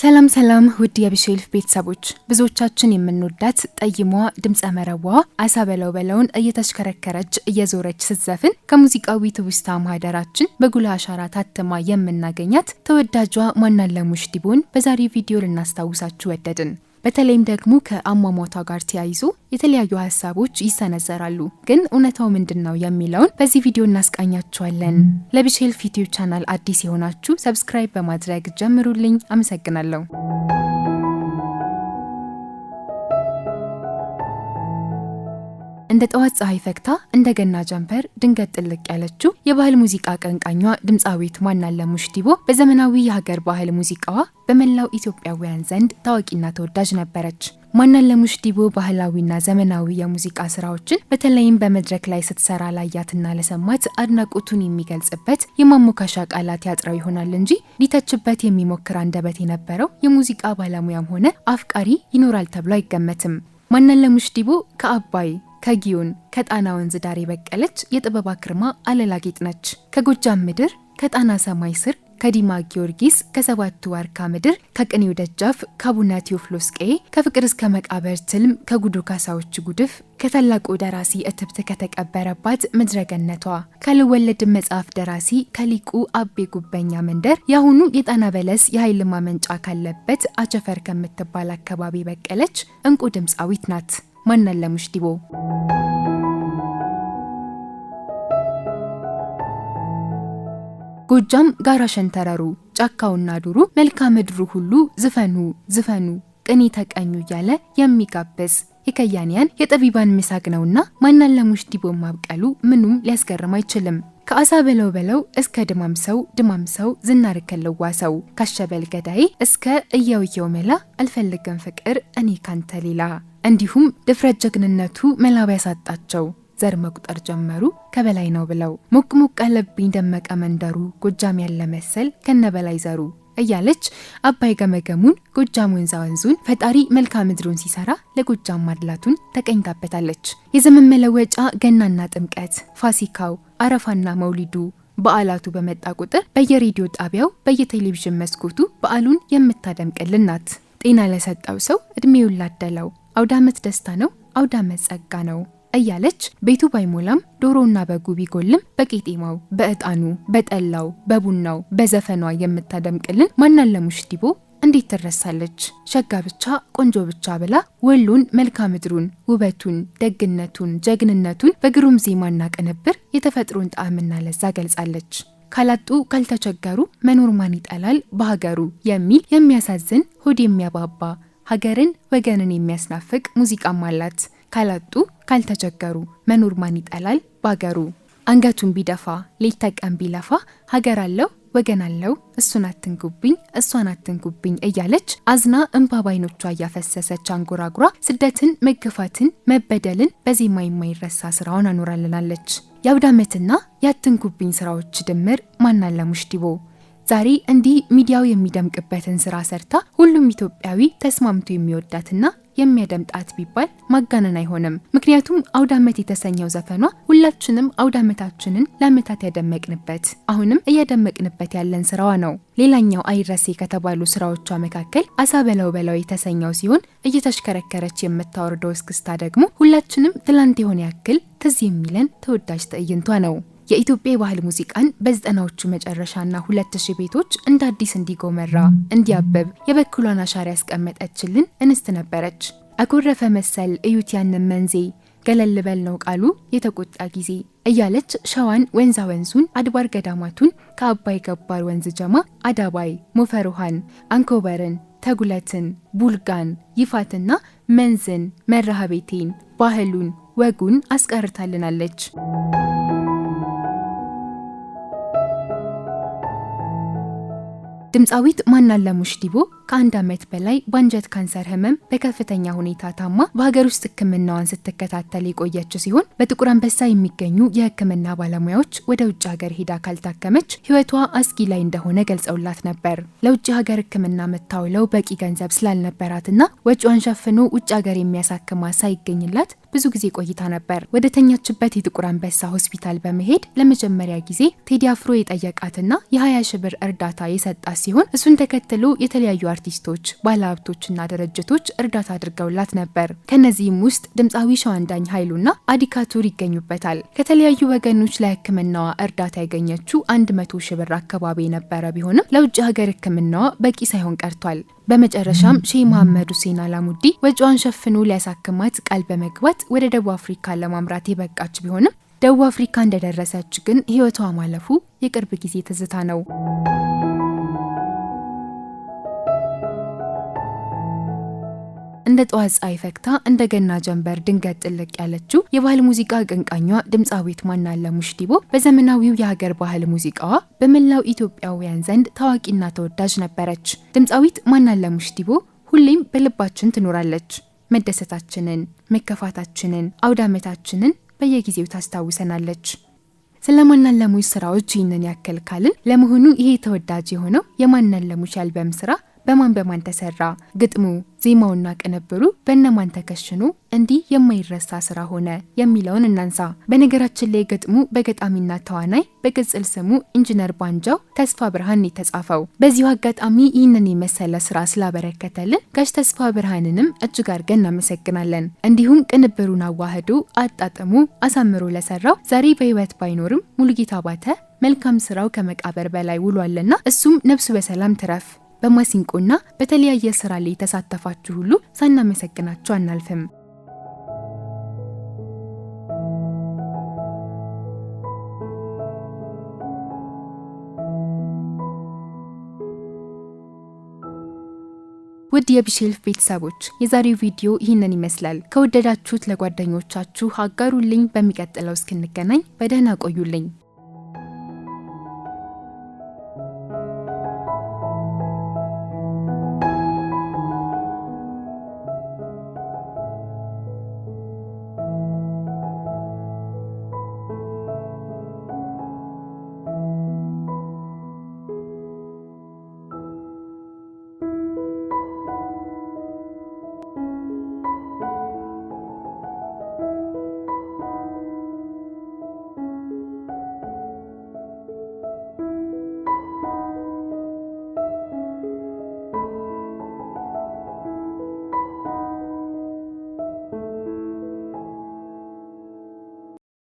ሰላም ሰላም ውድ የቢሼልፍ ቤተሰቦች፣ ብዙዎቻችን የምንወዳት ጠይሟ ድምፀ መረቧ አሳ በለው በለውን እየተሽከረከረች እየዞረች ስትዘፍን ከሙዚቃዊ ትውስታ ማህደራችን በጉልህ አሻራ ታትማ የምናገኛት ተወዳጇ ማናለሙሽ ዲቦን በዛሬ ቪዲዮ ልናስታውሳችሁ ወደድን። በተለይም ደግሞ ከአሟሟቷ ጋር ተያይዞ የተለያዩ ሀሳቦች ይሰነዘራሉ። ግን እውነታው ምንድን ነው የሚለውን በዚህ ቪዲዮ እናስቃኛችኋለን። ለቢሼልፍ ዩቲዩብ ቻናል አዲስ የሆናችሁ ሰብስክራይብ በማድረግ ጀምሩልኝ። አመሰግናለሁ። እንደ ጠዋት ፀሐይ ፈክታ እንደ ገና ጀምፐር ድንገት ጥልቅ ያለችው የባህል ሙዚቃ ቀንቃኟ ድምፃዊት ማናለሙሽ ዲቦ በዘመናዊ የሀገር ባህል ሙዚቃዋ በመላው ኢትዮጵያውያን ዘንድ ታዋቂና ተወዳጅ ነበረች። ማናለሙሽ ዲቦ ባህላዊና ዘመናዊ የሙዚቃ ስራዎችን በተለይም በመድረክ ላይ ስትሰራ ላያትና ለሰማት አድናቆቱን የሚገልጽበት የማሞካሻ ቃላት ያጥረው ይሆናል እንጂ ሊተችበት የሚሞክር አንደበት የነበረው የሙዚቃ ባለሙያም ሆነ አፍቃሪ ይኖራል ተብሎ አይገመትም። ማናለሙሽ ዲቦ ከአባይ ከጊዮን ከጣና ወንዝ ዳር የበቀለች የጥበባ ክርማ አለላጌጥ ነች። ከጎጃም ምድር ከጣና ሰማይ ስር ከዲማ ጊዮርጊስ ከሰባቱ ዋርካ ምድር ከቅኔው ደጃፍ ከአቡነ ቴዎፍሎስ ቀዬ ከፍቅር እስከ መቃብር ትልም ከጉዱ ካሳዎች ጉድፍ ከታላቁ ደራሲ እትብት ከተቀበረባት ምድረገነቷ ከልወለድ መጽሐፍ ደራሲ ከሊቁ አቤ ጉበኛ መንደር የአሁኑ የጣና በለስ የኃይል ማመንጫ ካለበት አቸፈር ከምትባል አካባቢ በቀለች እንቁ ድምፃዊት ናት። ማናላሙሽ ዲቦ ጎጃም ጋራ ሸንተረሩ ጫካውና ዱሩ መልካ ምድሩ ሁሉ ዝፈኑ ዝፈኑ ቅኔ ተቀኙ እያለ የሚጋብዝ የከያንያን የጠቢባን ምሳግ ነውና ማናለሙሽ ዲቦ ማብቀሉ ምኑም ሊያስገርም አይችልም። ከአሳ በለው በለው እስከ ድማም ሰው ድማም ሰው ዝናር ከለዋ ሰው ካሸበል ገዳይ እስከ እየውየው መላ አልፈልግም ፍቅር እኔ ካንተ ሌላ እንዲሁም ድፍረት ጀግንነቱ መላው ያሳጣቸው ዘር መቁጠር ጀመሩ ከበላይ ነው ብለው ሞቅ ሞቅ አለብኝ ደመቀ መንደሩ ጎጃም ያለ መሰል ከነ በላይ ዘሩ እያለች አባይ ገመገሙን ጎጃም ወንዛ ወንዙን ፈጣሪ መልካ ምድሩን ሲሰራ ለጎጃም ማድላቱን ተቀኝታበታለች። የዘመን መለወጫ ገናና ጥምቀት፣ ፋሲካው፣ አረፋና መውሊዱ በዓላቱ በመጣ ቁጥር በየሬዲዮ ጣቢያው በየቴሌቪዥን መስኮቱ በዓሉን የምታደምቅልን ናት። ጤና ለሰጠው ሰው እድሜውን ላደለው አውዳመት ደስታ ነው፣ አውዳመት ጸጋ ነው እያለች ቤቱ ባይሞላም ዶሮና በጉ ቢጎልም በቄጤማው፣ በእጣኑ፣ በጠላው፣ በቡናው፣ በዘፈኗ የምታደምቅልን ማናለሙሽ ዲቦ እንዴት ትረሳለች? ሸጋ ብቻ ቆንጆ ብቻ ብላ ወሎን፣ መልክዓ ምድሩን፣ ውበቱን፣ ደግነቱን፣ ጀግንነቱን በግሩም ዜማና ቅንብር የተፈጥሮን ጣዕምና ለዛ ገልጻለች። ካላጡ ካልተቸገሩ መኖር ማን ይጠላል በሀገሩ የሚል የሚያሳዝን ሆድ የሚያባባ ሀገርን ወገንን የሚያስናፍቅ ሙዚቃም አላት። ካላጡ ካልተቸገሩ መኖር ማን ይጠላል ባገሩ። አንገቱን ቢደፋ ሌት ተቀን ቢለፋ ሀገር አለው ወገን አለው እሱን አትንኩብኝ እሷን አትንኩብኝ እያለች አዝና እንባ ባይኖቿ እያፈሰሰች አንጎራጉራ ስደትን፣ መገፋትን፣ መበደልን በዜማ የማይረሳ ስራውን አኖራልናለች። የአውዳመትና የአትንኩብኝ ስራዎች ድምር ማናለሙሽ ዲቦ ዛሬ እንዲህ ሚዲያው የሚደምቅበትን ስራ ሰርታ ሁሉም ኢትዮጵያዊ ተስማምቶ የሚወዳትና የሚያደምጣት ቢባል ማጋነን አይሆንም። ምክንያቱም አውዳመት የተሰኘው ዘፈኗ ሁላችንም አውዳመታችንን ለአመታት ያደመቅንበት አሁንም እያደመቅንበት ያለን ስራዋ ነው። ሌላኛው አይረሴ ከተባሉ ስራዎቿ መካከል አሳ በለው በለው የተሰኘው ሲሆን እየተሽከረከረች የምታወርደው እስክስታ ደግሞ ሁላችንም ትላንት የሆነ ያክል ትዝ የሚለን ተወዳጅ ትዕይንቷ ነው። የኢትዮጵያ የባህል ሙዚቃን በዘጠናዎቹ መጨረሻና ሁለት ሺህ ቤቶች እንደ አዲስ እንዲጎመራ እንዲያበብ የበኩሏን አሻራ ያስቀመጠችልን እንስት ነበረች። አጎረፈ መሰል እዩት ያንን መንዜ ገለልበል ነው ቃሉ የተቆጣ ጊዜ እያለች ሸዋን ወንዛ ወንዙን አድባር ገዳማቱን ከአባይ ገባር ወንዝ ጀማ አዳባይ ሞፈር ውሃን አንኮበርን ተጉለትን ቡልጋን ይፋትና መንዝን መርሃ ቤቴን ባህሉን ወጉን አስቀርታልናለች። ድምፃዊት ማናለሙሽ ዲቦ ከአንድ ዓመት በላይ በአንጀት ካንሰር ህመም በከፍተኛ ሁኔታ ታማ በሀገር ውስጥ ህክምናዋን ስትከታተል የቆየችው ሲሆን በጥቁር አንበሳ የሚገኙ የህክምና ባለሙያዎች ወደ ውጭ ሀገር ሄዳ ካልታከመች ህይወቷ አስጊ ላይ እንደሆነ ገልጸውላት ነበር። ለውጭ ሀገር ህክምና መታውለው በቂ ገንዘብ ስላልነበራትና ወጪዋን ሸፍኖ ውጭ ሀገር የሚያሳክማ ሳይገኝላት ብዙ ጊዜ ቆይታ ነበር። ወደ ተኛችበት የጥቁር አንበሳ ሆስፒታል በመሄድ ለመጀመሪያ ጊዜ ቴዲ አፍሮ የጠየቃትና የ20 ሺ ብር እርዳታ የሰጣት ሲሆን እሱን ተከትሎ የተለያዩ አርቲስቶች፣ ባለሀብቶችና ድርጅቶች እርዳታ አድርገውላት ነበር። ከእነዚህም ውስጥ ድምፃዊ ሸዋንዳኝ ኃይሉና አዲካቱር ይገኙበታል። ከተለያዩ ወገኖች ለህክምናዋ እርዳታ ያገኘችው አንድ መቶ ሺህ ብር አካባቢ የነበረ ቢሆንም ለውጭ ሀገር ህክምናዋ በቂ ሳይሆን ቀርቷል። በመጨረሻም ሼህ መሐመድ ሁሴን አላሙዲ ወጪዋን ሸፍኖ ሊያሳክማት ቃል በመግባት ወደ ደቡብ አፍሪካ ለማምራት የበቃች ቢሆንም ደቡብ አፍሪካ እንደደረሰች ግን ህይወቷ ማለፉ የቅርብ ጊዜ ትዝታ ነው። እንደ ጠዋት ፀሐይ ፈክታ እንደ ገና ጀንበር ድንገት ጥልቅ ያለችው የባህል ሙዚቃ አቀንቃኟ ድምፃዊት ማናለሙሽ ዲቦ በዘመናዊው የሀገር ባህል ሙዚቃዋ በመላው ኢትዮጵያውያን ዘንድ ታዋቂና ተወዳጅ ነበረች። ድምፃዊት ማናለሙሽ ዲቦ ሁሌም በልባችን ትኖራለች። መደሰታችንን፣ መከፋታችንን፣ አውዳመታችንን በየጊዜው ታስታውሰናለች። ስለ ማናለሙሽ ስራዎች ይህንን ያክል ካልን፣ ለመሆኑ ይሄ ተወዳጅ የሆነው የማናለሙሽ አልበም ስራ በማን በማን ተሰራ፣ ግጥሙ፣ ዜማውና ቅንብሩ በእነማን ተከሽኖ እንዲህ የማይረሳ ስራ ሆነ የሚለውን እናንሳ። በነገራችን ላይ ግጥሙ በገጣሚና ተዋናይ በቅጽል ስሙ ኢንጂነር ባንጃው ተስፋ ብርሃን የተጻፈው። በዚሁ አጋጣሚ ይህንን የመሰለ ስራ ስላበረከተልን ጋሽ ተስፋ ብርሃንንም እጅግ አድርገን እናመሰግናለን። እንዲሁም ቅንብሩን አዋህዶ አጣጥሙ አሳምሮ ለሰራው ዛሬ በህይወት ባይኖርም ሙሉጌታ ባተ መልካም ስራው ከመቃበር በላይ ውሏልና እሱም ነፍሱ በሰላም ትረፍ። በማሲንቆና በተለያየ ስራ ላይ የተሳተፋችሁ ሁሉ ሳናመሰግናችሁ አናልፍም። ውድ የቢሼልፍ ቤተሰቦች የዛሬው ቪዲዮ ይህንን ይመስላል። ከወደዳችሁት ለጓደኞቻችሁ አጋሩልኝ። በሚቀጥለው እስክንገናኝ በደህና ቆዩልኝ።